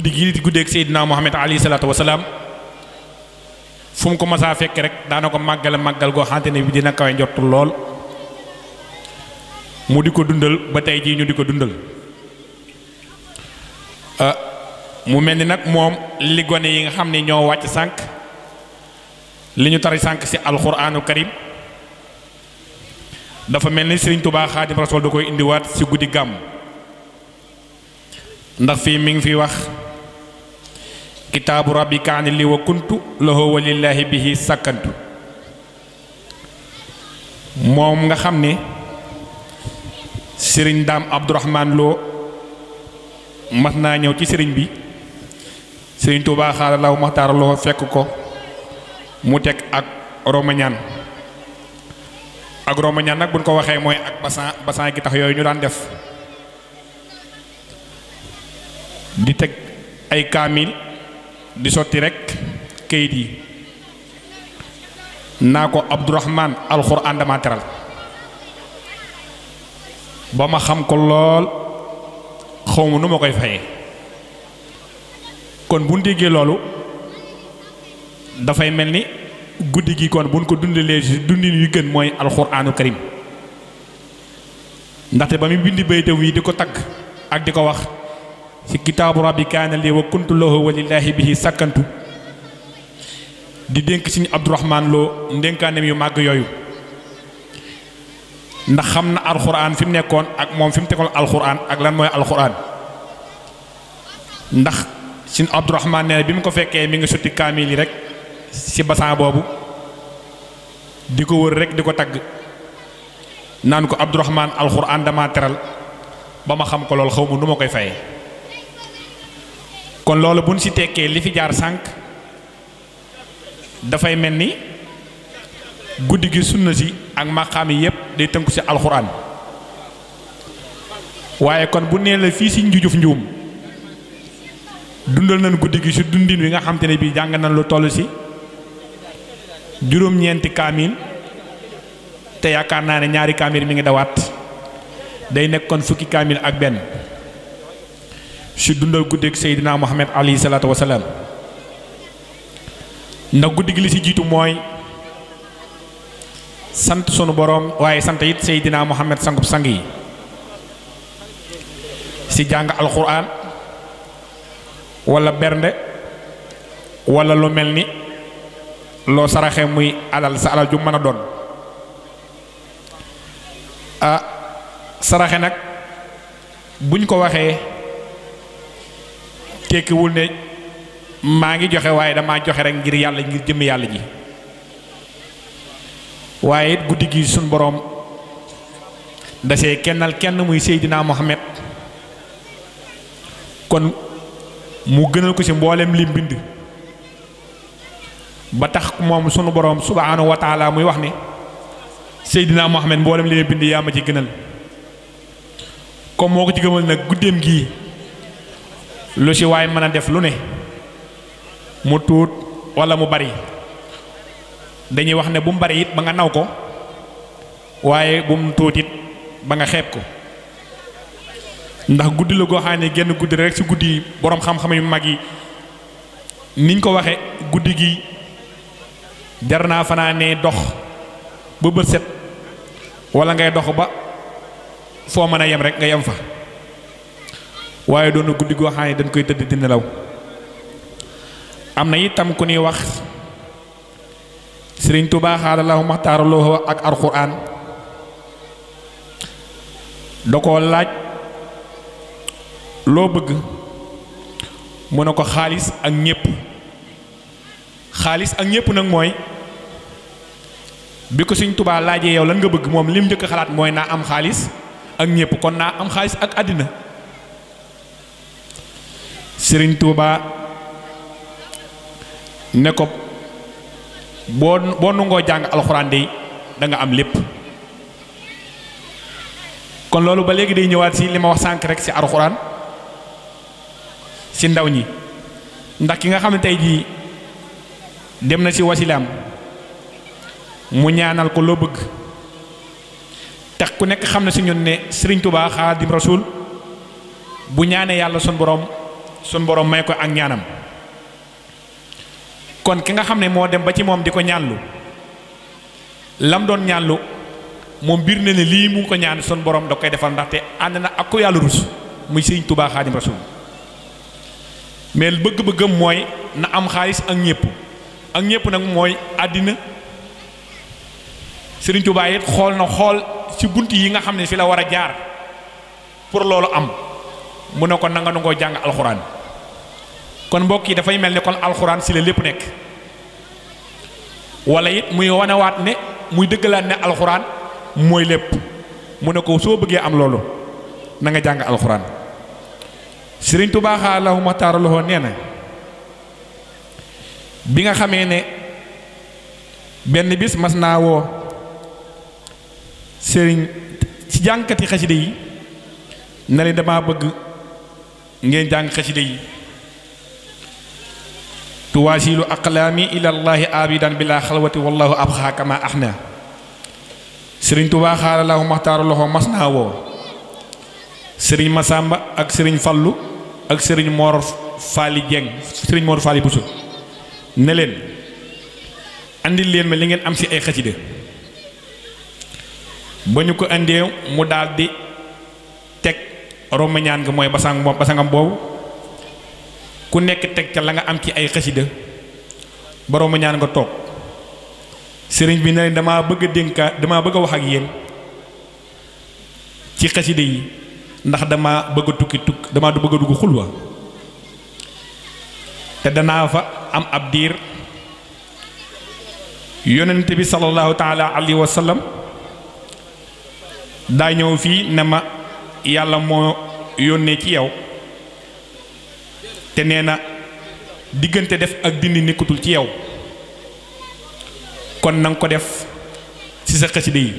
guddi gi di guddeeg Seydina Muhammad alayhi salaatu wasalaam fu mu ko masaa fekk rek daana ko màggale màggal goo xamante ne bi dina kawe njottul lool mu di ko dundal ba tey jii ñu di ko dundal ah, mu mel ni nag moom li gone yi nga xam ne ñoo wàcc sànq li ñu tari sànq ci alxuraanu karim dafa mel ni Serigne Touba Xaadim Rasul da koy indiwaat si guddi gàmm ndax fii mi ngi fi wax kitaabu rabbi kaani li kunt kuntu lahu wa lillaahi bihi sàkkantu moom nga xam ni sëriñ daam abdourahman loo mas naa ñëw ci sëriñ bi sëriñ tuubaa xaala law maxtaar loo fekk ko mu teg ak romañaan ak romañaan nag buñ ko waxee mooy ak basan basan gi tax yooyu ñu daan def di teg ay kaamil di sotti rek kayit yi naa ko Abdourahman alxuraan dama teral ba ma xam ko lool xawma nu ma koy fayee kon bu déggee loolu dafay mel ni guddi gi kon buñ ko dundalee dundi yu gën mooy alxuraanu karim ndaxte ba muy bindi baytam yi di ko tagg ak di ko wax ci kitaabu rabbi kaana lii wa kuntu lahu wa lillaahi bihi sàkkantu di dénk suñu abdourahman loo ndénkaanem yu màgg yooyu ndax xam na alxuraan fi mu nekkoon ak moom fi mu tegoon alxuraan ak lan mooy alxuraan ndax suñu abdourahman nee na bi mu ko fekkee mi ngi sotti kaamil yi rek ci basan boobu di ko wër rek di ko tagg naan ko abdourahman alxuraan dama teral ba ma xam ko lool xaw ma nu ma koy fayee kon loolu buñ si tekkee li fi jaar sànq dafay mel ni guddi gi sunna si ak maqaam yi yëpp day tënku ci alxuraan waaye kon bu nee la fii si njujuf njuum dundal nañ guddi gi si dundin wi nga xam te ne bii jàng nañ lu toll si juróom-ñeenti kaamil te yaakaar naa ne ñaari kaamil mi ngi dawaat day nekkoon kon fukki kaamil ak benn si dundal guddeeg Seydina Muhammad alayhi salaatu ndax guddi gi li si jiitu mooy sant sunu boroom waaye sant it Seydina Muhammad sangub sang yi si jàng alxuraan walla bernde walla lu mel ni loo saraxe muy alal sa alal ju mën a doon ah saraxe nag buñ ko waxee tekkiwul ne maa ngi joxe waaye damaa joxe rek ngir yàlla ngir jëm yàlla ji waaye guddi gi suñ boroom dasee kennal kenn muy Seydina Mohamed kon mu gënal ko ci mboolem li mbind ba tax moom sunu boroom subhaanahu wa taala muy wax ne Seydina Mohamed mboolem li bind yaa ma ci gënal comme moo ko ci nag guddeem gii lu ci waay mën a def lu ne mu tuut walla mu bari dañuy wax ne bu mu bari it ba nga naw ko waaye bu mu tuut ba nga xeeb ko ndax guddi la goo xam ne genn guddi rekk ci guddi boroom xam-xam yu mag yi niñ ko waxe guddi gi jar naa fanaanee dox ba bët set walla ngay dox ba foo mën a yem rek nga yem fa waaye doon na guddi goo xam ne dañ koy tëdd di nelaw am na itam ku ñuy wax sëriñ Tuubaa xaadalaahu maxtaaraloo ak alxuraan da koo laaj loo bëgg mu ne ko xaalis ak ñépp xaalis ak ñépp nag mooy bi ko sëriñ Tuubaa laajee yow lan nga bëgg moom lim njëkk xalaat mooy naa am xaalis ak ñépp kon naa am xaalis ak àddina sëriñ Tuuba ne ko boo boo nangoo jàng alxuraan de danga am lépp kon loolu ba léegi day ñëwaat si li ma wax sànq rek ci alxuraan si ndaw ñi ndax ki nga xam ne tey jii dem na si wasilaam mu ñaanal ko loo bëgg tax ku nekk xam na si ñun ne sëriñ Tuuba xaadim rasul bu ñaanee yàlla sun boroom suñ borom may ko ak ñaanam kon ki nga xam ne moo dem ba ci moom di ko ñaanlu lam doon ñaanlu moom mbir na ne lii mu ko ñaan sun borom da koy defal ndaxte ànd na ak ko yàlla rus muy sëñ Tuubaa Xaadim Rasuul mais bëgg-bëggam mooy na am xaalis ak ñëpp ak ñëpp nag mooy àddina sëriñ Tuubaa xool na xool ci bunt yi nga xam ne fi la war a jaar pour loolu am mu ne ko nanga nangoo jàng alxuraan kon mbokk yi dafay mel ni kon alxuraan si la lépp nekk wala it muy wanewaat ne muy dëggalaat ne alxuraan mooy lépp mu ne ko soo bëggee am loolu nanga jàng alxuraan sëriñ Tuubaa xaalaxu loxo nee na bi nga xamee ne benn bis mas naa woo sëriñ ci jànkati xasida yi na leen dama bëgg ngeen jàng xasida yi tuwaasilu aqlaami ilallahi abidan bila xalwati wallahu abxa kama axna sëriñ tubaa xaala lahu loxo mas naa woo sëriñ masamba ak sëriñ fallu ak sëriñ moor faali jeng sëriñ moor faali busu ne leen ma li ngeen am ci ay xasida ba ñu ko andee mu daldi teg romañaan nga mooy basang basangam boobu ku nekk teg ca la nga am ci ay xasida ba romañaan nga toog sëriñ bi na leen damaa bëgg a dénkaa damaa wax ak yéen ci xasida yi ndax dama bëgg a tukki tukk damaa du bëgg dugg xul wa te danaa fa am ab diir yonent bi sallallahu taala alayhi wa sallam daa ñëw fii ne ma yàlla moo yónnee ci yow te nee na diggante def ak dindi nekkatul ci yow kon na ko def ci sa xasida yi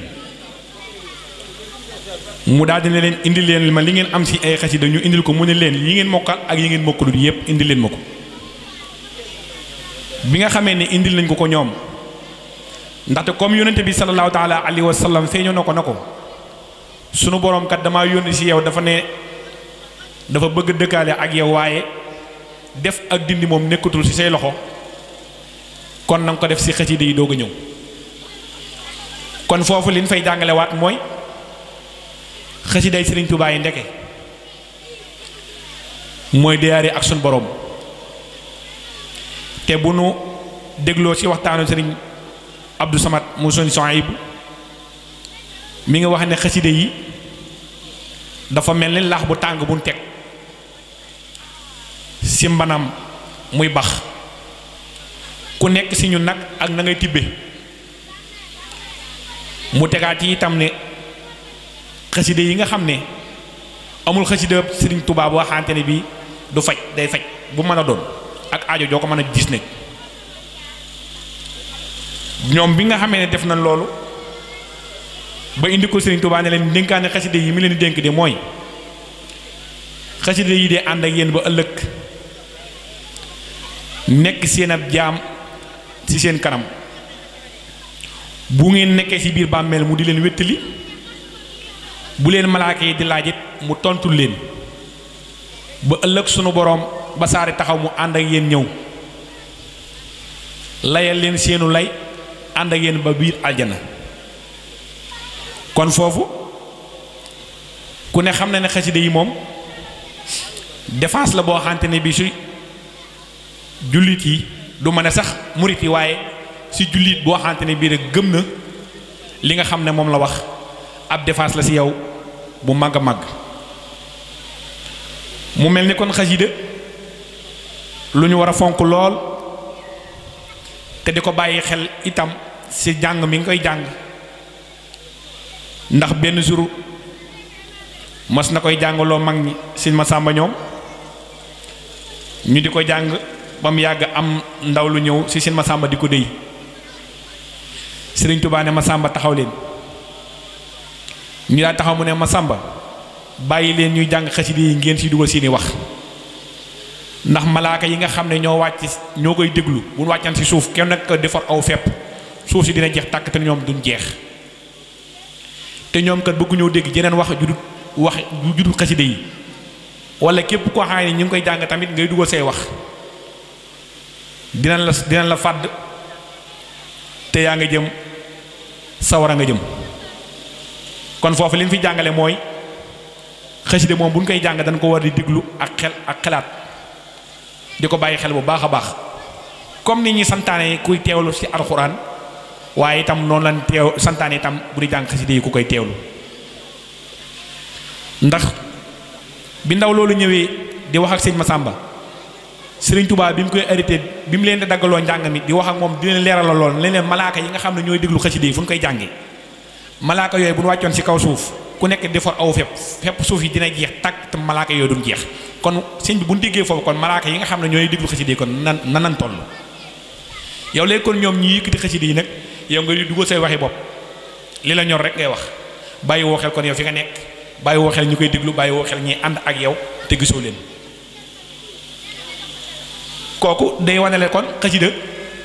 mu daal dina leen indi leen ma li ngeen am ci ay xasida ñu indil ko mu ne leen yi ngeen mokkal ak yi ngeen mokkalul yépp indi leen ma ko bi nga xamee ne indil nañ ko ko ñoom ndaxte comme yonente bi sallallahu taala alayhi wa sallam feeñoo na ko na ko sunu borom kat dama yónni si yow dafa ne dafa bëgg dëkkaale ak yow waaye def ak dindi moom nekkatul ci say loxo kon nag ko def si xasida yi doog a ñëw kon foofu liñ fay jàngale waat mooy xasiday Sëriñ Tuubaa yi ndeke mooy deyaare ak sunu boroom te bu nu dégloo si waxtaanu Sëriñ Abdou Samad mu son son mi ngi wax ne xaside yi dafa mel ni laax bu tàng buñ teg si mbanam muy bax ku nekk ci ñu nag ak na ngay tibbe mu tegaat yi itam ne xaside yi nga xam ne amul xasida Sëriñ Tuubaa boo xamante ne bi du faj day faj bu mën a doon ak ajo joo ko mën a gis ne ñoom bi nga xamee ne def na loolu ba indi ko Serigne Touba ne leen dénkaane xaside yi mi leen di dénk de mooy xaside yi de ànd ak yéen ba ëllëg nekk seen ab jaam ci seen kanam bu ngeen nekkee ci biir bàmmeel mu di leen wéttali bu leen malaaka yi di laajit mu tontu leen ba ëllëg sunu boroom ba saari taxaw mu ànd ak yéen ñëw layal leen seenu lay ànd ak yéen ba biir aljana kon foofu ku ne xam na ne xasida yi moom défense la boo xamante ne bi si jullit yi du mën a sax murit yi waaye si jullit boo xamante ne bii rek gëm na li nga xam ne moom la wax ab défense la si yow bu màgg a màgg mu mel ni kon xasida lu ñu war a fonk lool te di ko bàyyi xel itam si jàng mi nga koy jàng ndax benn jour mas na koy jàngaloo mag ñi sin ma sàmba ñoom ñu di ko jàng ba mu yàgg am ndaw lu ñëw ci sin ma sàmba di ko déy sëriñ Tuubaa ne ma sàmba taxaw leen ñu daa taxaw mu ne ma sàmba bàyyi leen ñuy jàng xasida yi ngeen si dugal seeni wax ndax malaaka yi nga xam ne ñoo wàcc ñoo koy déglu bu wàccan si suuf kenn nag defar aw fepp suuf si dina jeex tàkk te ñoom duñ jeex te ñoom kat bëgguñoo dégg jeneen wax ju dul wax ju dul xaside yi wala képp koo xam ne ñu ngi koy jàng tamit ngay dugal say wax dinañ la dinañ la fàdd te yaa nga jëm sawara nga jëm kon foofu li ñu fi jàngale mooy xaside moom bu ñu koy jàng dañ ko war di diglu ak xel ak xelaat di ko bàyyi xel bu baax a baax comme ni ñuy santaane kuy teewlu ci alxuraan waaye itam noonu lan teew santaane itam bu di jàng xasida yi ku koy teewlu ndax bi ndaw loolu ñëwee di wax ak sëñ Masamba sëriñ tubaab bi mu koy arrêté bi mu leen di daggaloo njàng mi di wax ak moom di leen leeralal lool ne leen malaaka yi nga xam ne ñooy déglu xasida yi fu ñu koy jàngee malaaka yooyu bu ñu wàccoon ci kaw suuf ku nekk di for aw fépp fépp suuf yi dina jeex tàkk te malaaka yooyu duñ jeex kon sëñ bi bu ñu déggee foofu kon malaaka yi nga xam ne ñooy déglu xasida yi kon nan nan toll yow léegi kon ñoom ñi yëkkati xasida yow nga di duggal say waxi bopp li la ñor rek ngay wax bàyyi woo xel kon yow fi nga nekk bàyyi woo xel ñu koy déglu bàyyi woo xel ñi ànd ak yow te gisoo leen kooku day wane kon xasida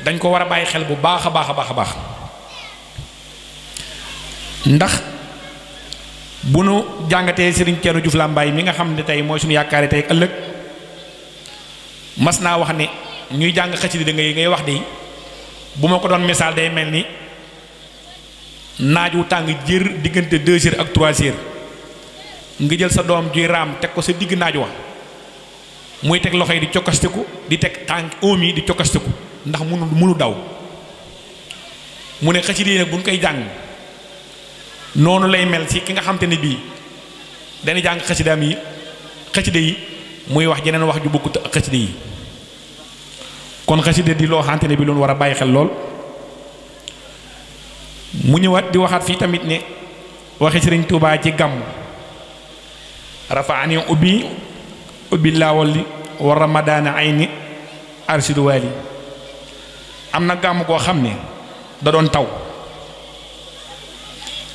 dañ ko war a bàyyi xel bu baax a baax a baax a baax ndax bu nu jàngatee sëriñ Thierno Diouf Lambaye mi nga xam ne tey mooy suñu yaakaari tey ëllëg mas naa wax ni ñuy jàng xasida da ngay wax de bu ma ko doon misaal day mel ni naaj wu tàng jër diggante deux heures ak trois heures nga jël sa doom juy raam teg ko sa digg naaj wa muy teg loxo yi di cokkastiku di teg tànk oom yi di cokkastiku ndax munu munu daw mu ne xasida yi bu ñu koy jàng noonu lay mel si ki nga xam te ne bii dañuy jàng xasidaam yi xasida yi muy wax jeneen wax ju bokkut ak xasida yi kon xasida di loo xamante ne bi loolu war a bàyyi xel lool mu ñëwaat di waxaat fii tamit ne waxe sëriñ Tuubaa ci gàmm rafaani ubbi ubbi laawali wa ramadaana ay ni arsiduwaali am na gàmm koo xam ne da doon taw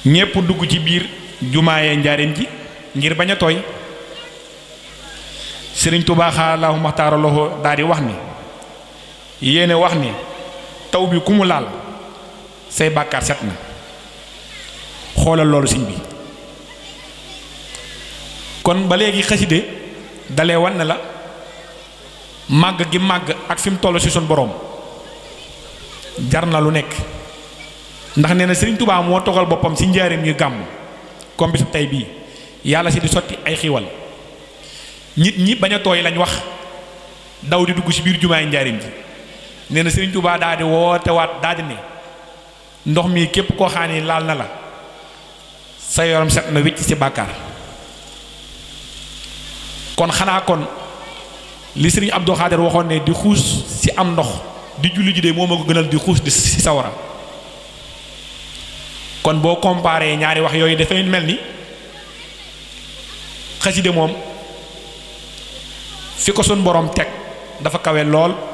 ñépp dugg ci biir jumaayee njaareem ji ngir bañ a tooy sëriñ Tuubaa xaalaahu maxtaara loxo daal di wax ni yéene wax ni taw bi ku mu laal say bàkkaar set na xoolal loolu siñ bi kon ba léegi xaside dalee wan ne la màgg gi màgg ak fi mu toll si sun boroom jar na lu nekk ndax nee na Sëriñ Tuubaa moo togal boppam si njaareem yu gàmm comme bisu tey bii yàlla si di sotti ay xiiwal nit ñi bañ a tooy lañ wax daw di dugg ci biir jumaay njaareem ji nee na Serigne Touba daal di woote waat daal di ndox mi képp koo laal na la sa yoram set na wicc ci bàkkaar kon xanaa kon li Serigne Abdou Khader waxoon ne di xuus ci am ndox di julli ji de moom a ko gënal di xuus di ci sawara kon boo comparé ñaari wax yooyu dafay mel ni xaside moom fi ko sun borom teg dafa kawe lool.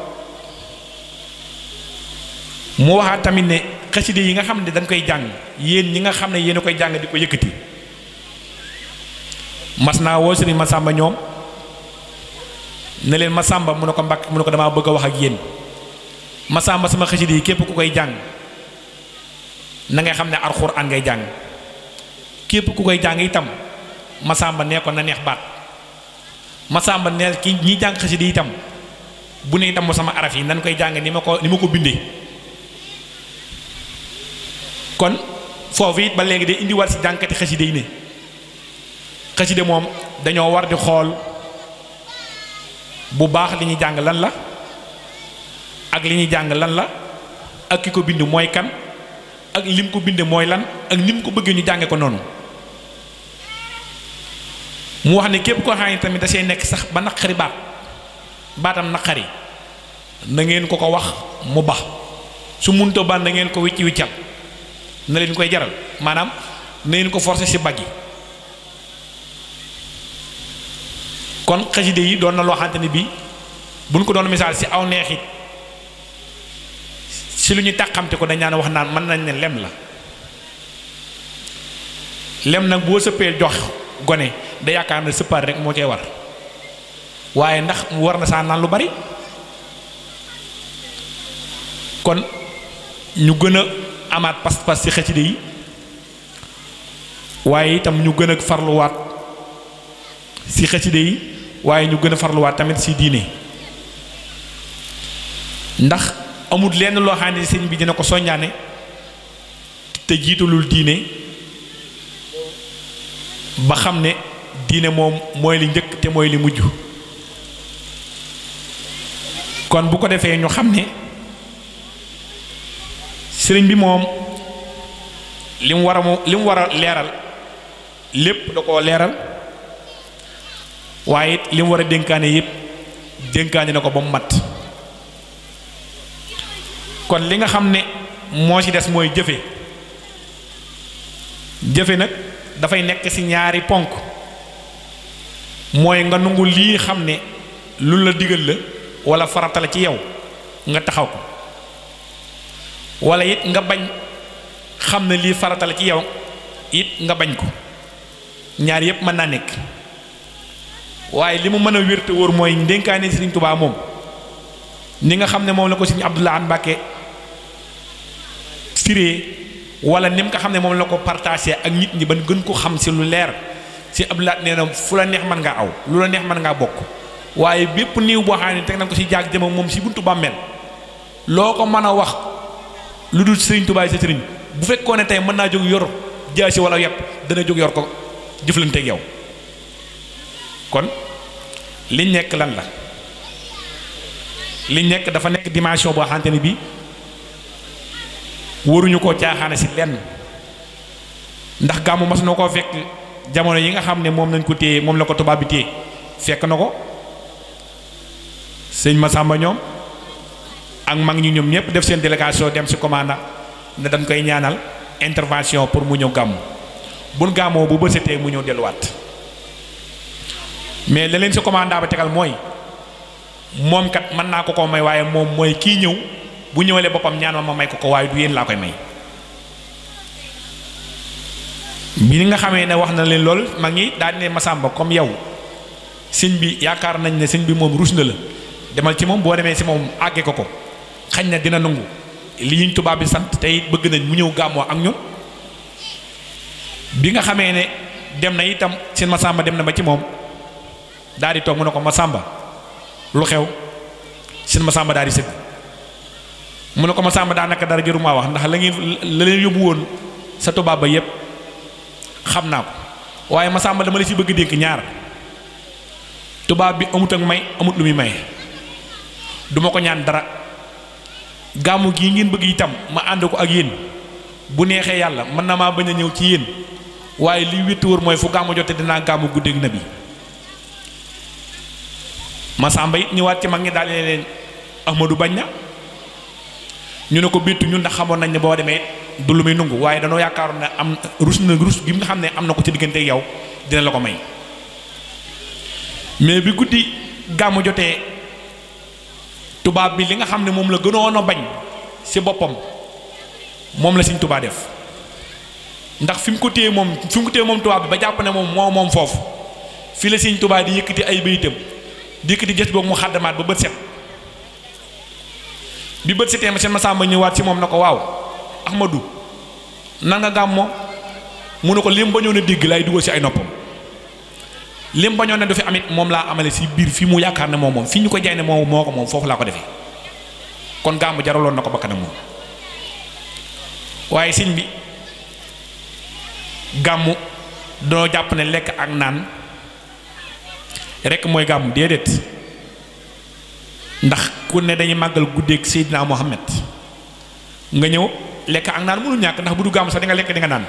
mu waxaat tamit ne xaside yi nga xam ne dañ koy jàng yéen ñi nga xam ne yéen a koy jàng di ko yëkkati mas naa woo ma sàmba ñoom ne leen Masamba mu ne ko mbàkk mu ne ko damaa bëgg a wax ak yéen Masamba sama xaside képp ku koy jàng na ngay xam ne alxuraan ngay jàng képp ku koy jàng itam Masamba nee ko na neex baat Masamba neel ki ñi jàng xaside itam bu ne itam mu sama araf yi nan koy jàng ni ma ko ni ma ko bindee. kon foofu yi ba léegi de indi war si jànkati xasida yi ne xasida moom dañoo war di xool bu baax li ñuy jàng lan la ak li ñuy jàng lan la ak ki ko bind mooy kan ak lim ko binde mooy lan ak nim ko bëggee ñu jànge ko noonu mu wax ne képp koo xam tamit da see nekk sax ba naqari baat baatam naqari na ngeen ko ko wax mu bax su munta ban na ngeen ko wicci wiccal na leen koy jaral maanaam na leen ko forcer si bag yi kon xaside yi doon na loo xamante ni bii buñ ko doon misaal si aw neexit si lu ñu tàqamte ko dañ naan wax naan mën nañ ne lem la lem nag boo sëppee jox gone da yaakaar ne sëppaat rek moo cay war waaye ndax mu war na saa naan lu bari kon ñu gën amaat pas-pas ci xasida yi waaye itam ñu gën a farluwaat ci xasida yi waaye ñu gën a farluwaat tamit ci diine ndax amul lenn loo xam bi dina ko soññaane te jiitalul diine ba xam ne diine moom mooy li njëkk te mooy li mujj kon bu ko defee ñu xam ne sëriñ bi moom li mu war a li mu war a leeral lépp da koo leeral waaye it li mu war a dénkaane yëpp dénkaane na ko ba mu mat kon li nga xam ne moo ci des mooy jëfe jëfe nag dafay nekk ci ñaari ponk mooy nga nangu lii xam ne lu la digal la walla farata ci yow nga taxaw ko wala it nga bañ xam ne lii farata ci yow it nga bañ ko ñaar yëpp mën naa nekk waaye li mu mën a wér te wóor mooy si Sëriñ Tubaa moom ni nga xam ne moom la ko Sëriñ Abdou Lahad Mbàkke firee wala ni mu xam ne moom la ko partagé ak nit ñi ban gën ko xam si lu leer si Abdou Lahad nee na fu la neex mën ngaa aw lu la neex mën ngaa bokk waaye bépp niiw boo xam ne teg nañ ko si jaag jëma moom si buntu bàmmeel loo ko mën a wax lu dul sëriñ tubaay sa sëriñ bu fekkoon ne tey mën naa jóg yor jaasi wala yàpp dana jóg yor ko jëflanteeg yow kon liñ nekk lan la li nekk dafa nekk dimension boo xamante ni bi wëruñu koo caaxaane si lenn ndax gàmmu mas na koo fekk jamono yi nga xam ne moom nañ ko téye moom la ko tubaab bi téye fekk na ko sëñ Masamba ñoom ak mag ñi ñoom ñëpp def seen délégation dem si commandant ne dañ koy ñaanal intervention pour mu ñëw gàmm buñ gàmmoo bu bësetee mu ñëw delluwaat mais leneen leen si commandant ba tegal mooy moom kat mën naa ko ko may waaye moom mooy kii ñëw bu ñëwalee boppam ñaan ma may ko ko waaye du yéen laa koy may bi nga xamee ne wax na leen lool mag ñi daal ne sàmba comme yow sëñ bi yaakaar nañ ne sëñ bi moom ruus na la demal ci moom boo demee si moom àggee ko ko xañ na dina nangu li ñu tubaab bi sant tey bëgg nañ mu ñëw gàmmoo ak ñun bi nga xamee ne dem na itam seen sàmba dem na ba ci moom daal di toog mu ne ko ma sàmba lu xew seen sàmba daal di sëgg mu ne ko ma Masamba daanaka dara jëru wax ndax la ngeen la leen yóbbu woon sa tubaab ba yépp xam naa ko waaye Masamba dama la ci bëgg dénk ñaar tubaab bi amut ak may amut lu muy may duma ko ñaan dara gàmmu gii ngeen bëgg itam ma ànd ko ak yéen bu neexee yàlla mën na maa bañ a ñëw ci yéen waaye lii wéttu wër mooy fu gàmmu jote dinaa gàmmu guddeeg na bi Masamba it ñëwaat ci mag ngi ñi daal leen du bañ na ñu ne ko béttu ñun ndax xamoon nañ ne boo demee du lu muy nungu waaye danoo yaakaaroon na am rus na rus gi nga xam ne am na ko ci diggante yow dina la ko may mais bi guddi gàmmu jotee. tubaab bi li nga xam ne moom la gënoon a bañ si boppam moom la Sëñ tubaa def ndax fi mu ko téye moom fi mu ko téye moom tubaab bi ba jàpp ne moom moo moom foofu fii la Sëñ tubaa di yëkkati ay béytam di yëkkati jës boobu mu xàddamaat ba bët set bi bët setee ma seen Masamba ñëwaat ci moom na ko waaw Ahmadou nan nga gàmmo mu ne ko lim ba ñëw na dégg laay dugal si ay noppam. lim bañoon ne du fi amit moom laa amale si biir fi mu yaakaar ne moom moom fi ñu ko jaay ne moom moo ko moom foofu laa ko defee kon gàmmu jaraloon na ko bakkanam moom waaye siñ bi gàmmu doo jàpp ne lekk ak naan rekk mooy gàmmu déedéet ndax ku ne dañuy màggal guddeeg Seydina Mohamed nga ñëw lekk ak naan mënul ñàkk ndax bu du gàmmu sax di nga lekk di nga naan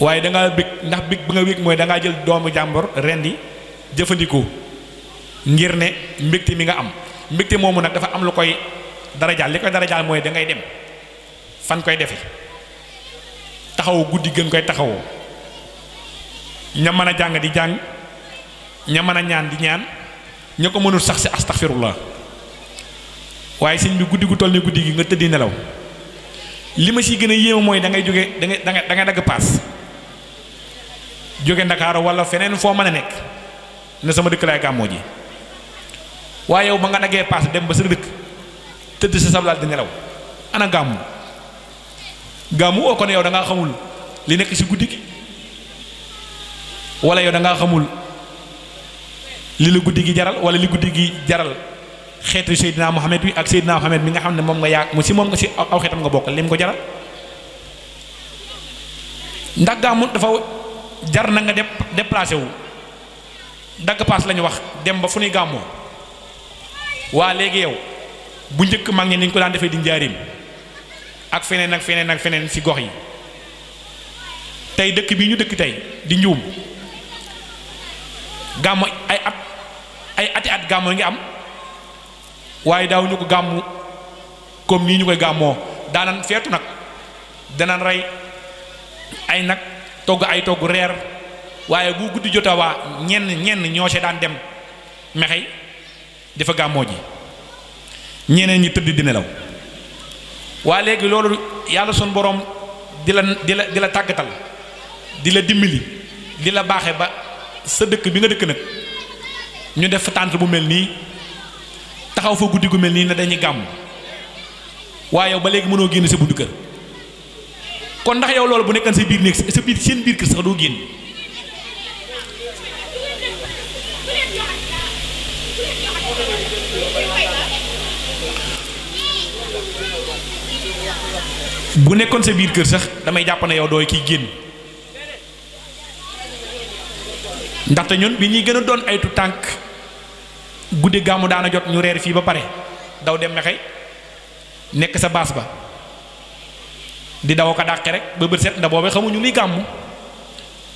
waaye danga ngaa bég ndax bég ba nga wég mooy da jël doomu jàmbor rendi jëfandikoo ngir ne mbégte mi nga am mbégte moomu nag dafa am lu koy darajaal li koy darajaal mooy dangay dem fan koy defe taxawu guddi gën koy taxawoo ña mën a jàng di jàng ña mën a ñaan di ñaan ña ko mënul sax si astaxfirullah waaye sëñ bi guddi gu toll ni guddi gi nga tëddi nelaw li ma siy gën a yéeme mooy da ngay jóge da da ngay dagg paas jóge ndakaaru wala feneen foo mën a nekk ne sama dëkk laay gàmmoo ji waaye yow ba nga nagee paas dem ba sa dëkk tëdd sa sablaal di nelaw ana gàmmu gàmmu oo kon yow da ngaa xamul li nekk si guddi gi wala yow da ngaa xamul li la guddi gi jaral wala li guddi gi jaral xeetu Seydina Mohamed bi ak Seydina Mohamed mi nga xam ne moom nga yaag mu si moom nga si aw xeetam nga bokk lim ko jaral ndax gàmmu dafa. jar na nga déplacé wu dagg paas la wax dem ba fu ñuy gàmmoo waa léegi yow bu njëkk mag ñi ni ñu ko daan defee di njaarim ak feneen ak feneen ak feneen si gox yi tey dëkk bi ñu dëkk tey di njuum gàmmu ay at ay ati at gàmmu ngi am waaye daaw ko gàmmu comme nii ñu koy gàmmoo daanaan feetu nag danaan rey ay nag togg ay togg reer waaye bu guddi jota ñenn ñenn ñoo ci daan dem mexey dafa gàmmoo ji ñeneen ñi tëdd di nelaw waa léegi loolu yàlla sun boroom di la di la di la tàggatal di la dimbali di la baaxe ba sa dëkk bi nga dëkk nag ñu def fa tànt bu mel nii taxaw fa guddi gu mel nii ne dañuy gàmm waaye ba léegi mënoo génn si buddu kër kon ndax yow loolu bu nekkan sa biir néeg sa biir seen biir kër sax doo génn bu nekkoon sa biir kër sax damay jàpp ne yow dooy kiy génn ndaxte ñun bi ñuy gën a doon aytu tànk guddi gàmmu daana jot ñu reer fii ba pare daw dem mexey nekk sa baas ba di daw ko dàqe rek ba bët set nda boobe xamuñu luy gàmm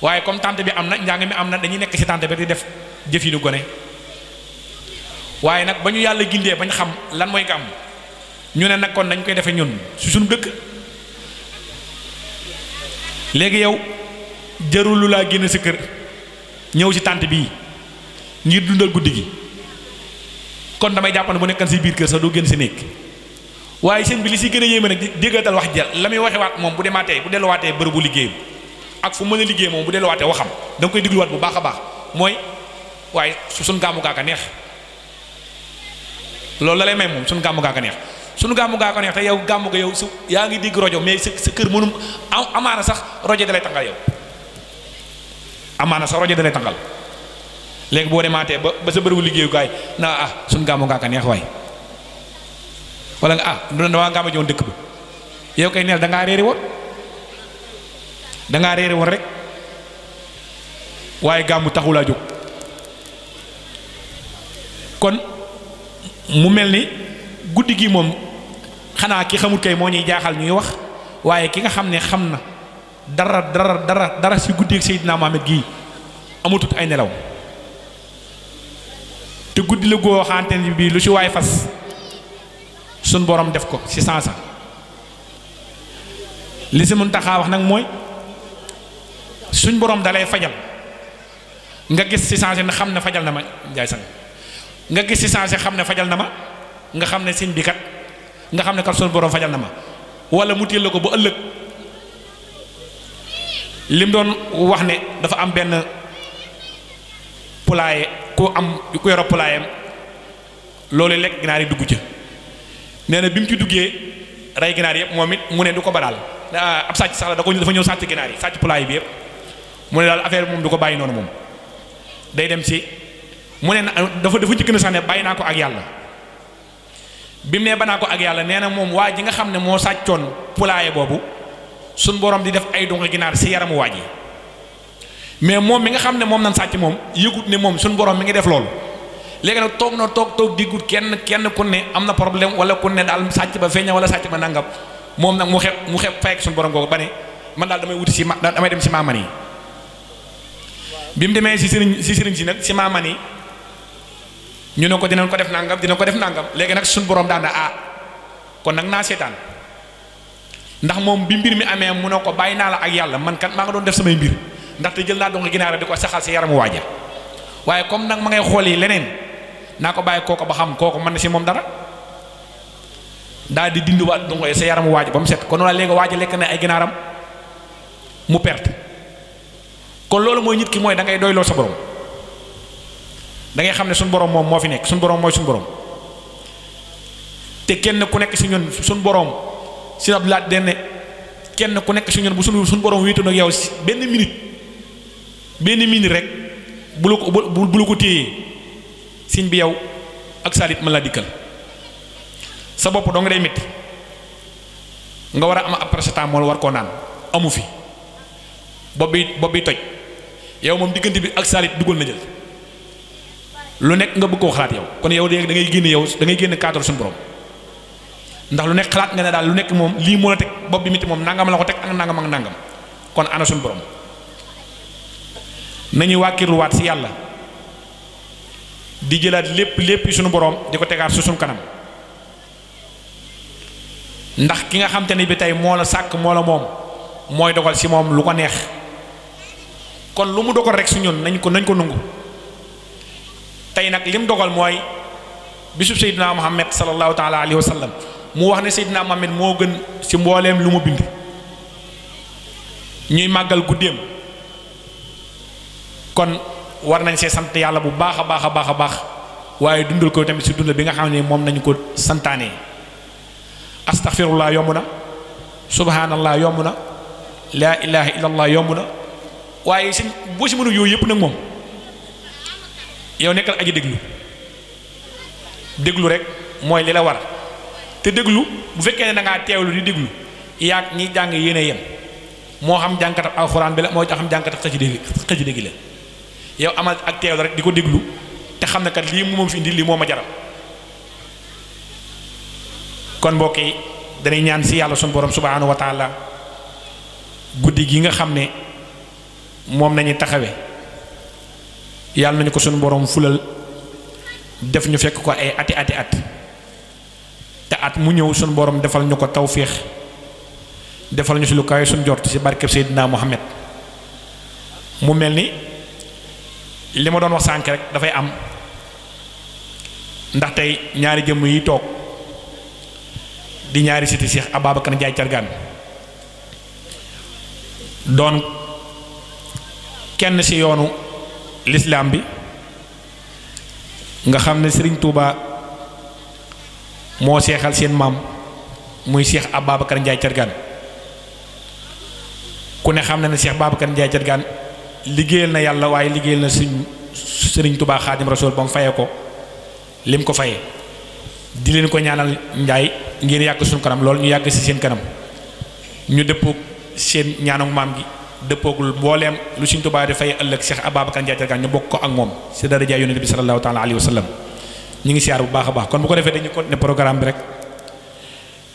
waaye comme tante bi am na njàng mi am na dañuy nekk ci tante bi di def jëf jëfinu gone waaye nag ba ñu yàlla gindee bañ xam lan mooy gàmm ñu ne nag kon dañ koy defee ñun si sunu dëkk léegi yow jarul laa génn sa kër ñëw ci tante bii ngir dundal guddi gi kon damay jàpp ne bu nekkan si biir kër sax doo génn si néeg waaye sëñ bi li si gën a yéeme nag déggatal wax ja la muy waxe waat moom bu demaatee bu delluwaatee bërëbu liggéeyam ak fu mën a liggéey moom bu delluwaatee waxam da koy dégluwaat bu baax a baax mooy waaye suñ gàmmu gaaka neex loolu la lay may moom suñ gàmmu gaaka neex suñu gàmmu gaaka neex te yow gàmmu ga yow su yaa ngi dégg rajo mais sa sa kër mënum amaana sax rajo dalay tàngal yow amaana sax rajo dalay tàngal léegi boo demaatee ba ba sa bërëbu liggéeyukaay naa ah, suñ gàmmu gaaka neex waaye wala nga ah du damaa ngaa dëkk ba yow kay neel da ngaa réeri woon da ngaa woon rek waaye gàmmu taxulaa jóg kon mu mel ni guddi gi moom xanaa ki xamut kay moo ñuy jaaxal ñuy wax waaye ki nga xam ne xam na dara dara dara dara si guddi ak Seydina Mohamed gii amatut ay nelaw te guddi la goo xamante lu si waay fas suñ boroom def ko ci sansa li si mun taxaa wax nag mooy suñ boroom dalay fajal nga gis si sanse na xam ne fajal na ma njaay sang nga gis si sanse xam ne fajal na ma nga xam ne siñ bi kat nga xam ne kat suñ boroom fajal na ma wala mu téel la ko ba ëllëg lim doon wax ne dafa am benn pulaaye ku am ku yoro loolu lekk ginaar yi dugg ca nee bi mu ci duggee rey ginaar yëpp moom it mu ne du ko ba daal ah, ab sàcc sax la dafa ñëw sàcc ginaar yi sàcc pulaay bi yëpp mu ne daal affaire moom du ko bàyyi noonu moom day dem si mu ne na dafa dafa ci gën a sax bàyyi naa ko ak yàlla bi mu ne ba naa ko ak yàlla nee na moom waa ji nga xam ne moo sàccoon pulaaye boobu suñ borom di def ay dunga ginaar si yaramu waa ji mais moom mi nga xam ne moom nan sàcc moom yëgut ne moom suñ borom mi ngi def loolu léegi nag toog na toog toog diggul kenn kenn ku ne am na problème wala ku ne daal sàcc ba feeña wala sàcc ba nangam moom nag mu xeb mu xeb fayek suñu borom googu ba ne man daal damay wuti si ma damay dem si maaman yi mu demee si sëriñ si sëriñ si nag si maaman yi ñu ne ko dinañ ko def nangam dina ko def nangam léegi nag suñu boroom daana ah kon nag naa seetaan ndax moom bi mbir mi amee mu ne ko bàyyi naa la ak yàlla man kat maa nga doon def samay mbir ndaxte jël naa donc ginaar di ko saxal si yaramu waaja waaye comme xool leneen naa ko bàyyi kooku ba xam kooku mën na si moom dara daal di dindiwaat dongo sa yaramu waaj ba mu set kon walla léegi waaj lekk na kon loolu mooy ñit ki mooy da ngay doyloo sa borom da xam ne suñ borom moom moo fi nekk suñ borom mooy suñu borom te kenn ku nekk si ñun suñu borom si ab laa den kenn ku nekk si ñun bu suñu suñu borom wéetoon yow si benn minute benn minute rek bu la ko bu la ko téyee. siñ bi yow ak saalit ma laa dikkal sa bopp doo nga day métti nga war a am ab paracetamol war koo naan amu fi bopp bi bopp bi toj yow moom diggante bi ak saalit duggal na jël lu nekk nga bëgg koo xalaat yow kon yow léegi da ngay génn yow da ngay génn cadre suñu borom ndax lu nekk xalaat nga ne daal lu nekk moom lii moo la teg bopp bi métti moom nangam la ko teg ak nangam ak nàngam kon ana suñu borom nañu wàkkirluwaat si yàlla. di jëlaat lépp lépp suñu boroom di ko tegaat su suñu kanam ndax ki nga xam te bi tey moo la sàkk moo la moom mooy dogal si moom lu ko neex kon lu mu dogal rek su ñun nañ ko nañ ko nungu tey nag lim dogal mooy bisub Seydina Muhammad sallallahu taala alayhi wa sallam mu wax ne Seydina Muhammad moo gën si mbooleem lu mu bind ñuy màggal guddeem kon. war nañ see sant yàlla bu baax a baax a baax a baax waaye dundal ko tamit si dund bi nga xam ne moom nañu ko santaane astaxfirullaa yomb na subhaanallaa yomb na laa ilaha illallah yomb na waaye si boo si mënu yooyu yëpp nag moom yow nekkal aji déglu déglu rek mooy li la war te déglu bu fekkee ne da ngaa teewlu di déglu yaag ñiy jàng yéen a yem moo xam jànkatab alxuraan bi la moo xam jànkatab xëcc dégg xëcc dégg la yow amal ak teew rek di ko déglu te xam na kat lii moom fi indi lii moo ma jaral kon mbokk yi danay ñaan si yàlla sunu borom subhaanahu wa taala guddi gi nga xam ne moom nañu taxawe yàlla nañu ko sunu borom fulal def ñu fekk ko ay ati ati at te at mu ñëw sunu borom defal ñu ko tawfiix defal ñu si lu kawe sunu jort si barkeb naa Muhammad mu mel ni li ma doon wax sànk rek dafay am ndax tey ñaari jëmm yi toog di ñaari siti Cheikh Ababacar Ndiaye Thiargane doon kenn si yoonu lislaam bi nga xam ne sëriñ Touba moo seexal seen maam muy Cheikh Ababacar Ndiaye Thiargane ku ne xam na ne Cheikh Babacar Ndiaye Thiargane liggéeyal na yàlla waaye liggéeyal na sëñ sëriñ tubaa xaadim rasul ba mu fayee ko lim ko fayee di leen ko ñaanal njaay ngir yàgg suñu kanam loolu ñu yàgg si seen kanam ñu dëppoog seen ñaanuk maam gi dëppoogul mbooleem lu sëñ tubaa di fay ëllëg Cheikh Ababacar Ndiaye Thiargane ñu bokk ko ak moom si daraja yonent bi sallallahu taala alayhi wa ñu ngi siyaar bu baax a baax kon bu ko defee dañu continuer programme bi rek